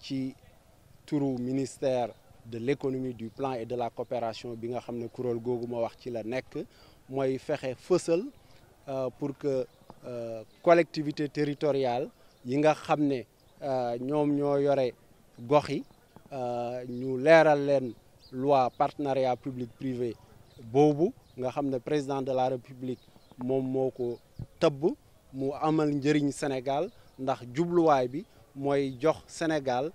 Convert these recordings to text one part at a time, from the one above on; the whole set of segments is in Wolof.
ci turu ministère de l'économie du plan et de la coopération bi nga xamné ne kuréel googu ma wax ci la nekk mooy fexe fësal euh, pour que euh, collectivité territoriale yi nga xamné ne euh, ñoom ñoo yore gox yi ñu léral len loi partenariat public privé boobu nga xamné président de la république mom moko ko mu amal njëriñ Sénégal ndax way bi Moy jox Sénégal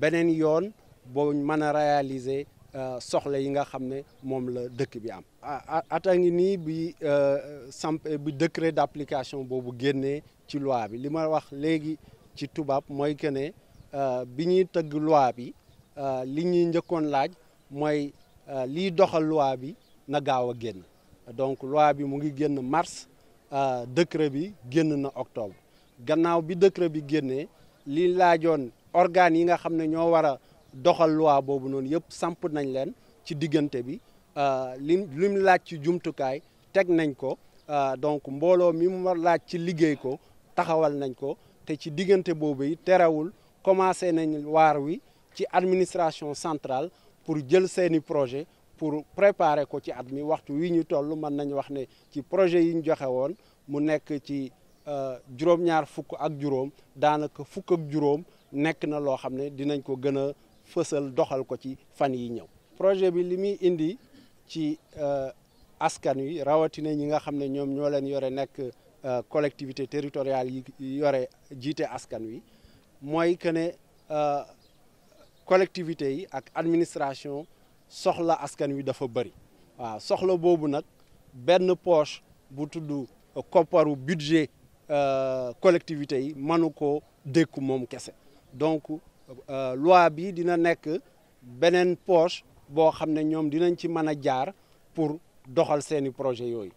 benen yoon boo mëna réaliser euh, soxla yi nga xamné mom la dëkk bi am. atangi ni bi euh, samp bi décret d'application bobu génnee ci loi bi li wax légui ci tubab moy que ne euh, biñuy teug loi bi li ñuy ñëkkon laaj moy li doxal loi bi na gaaw génn donc loi bi mu ngi génn mars décret bi génn na octobre gannaaw bi décret bi génnee. li laajoon organes yi nga xam ne ñoo war a doxal loi boobu noonu yëpp samp nañ leen ci diggante bi euh, lim lim laaj ci jumtukaay teg nañ ko euh, donc mbooloo mi mu war laaj ci liggéey ko taxawal nañ ko te ci diggante boobu yi terewul commencé nañ waar wi ci administration centrale pour jël seeni projet pour préparer ko ci at mi waxtu wi ñu toll mën nañu wax ne ci projet yi ñu joxe woon mu nekk ci juróom-ñaar fukk ak juróom daanaka fukk ak juróom nekk na loo xam ne dinañ ko gën a fësal doxal ko ci fan yi ñëw projet bi li muy indi ci euh, askan wi rawatina ñi nga xam ne ñoom ñoo leen yore nekk euh, collectivité territoriale yi yore jiite askan wi mooy que ne euh, collectivité yi ak administration soxla askan wi dafa bëri waaw soxla boobu nag benn poche bu tudd kopparu budget Euh, collectivités yi mënu ko dékku moom kese donc euh, loi bi dina nekk beneen poche boo xam ne ñoom dinañ ci mën a jaar pour doxal seeni projet yooyu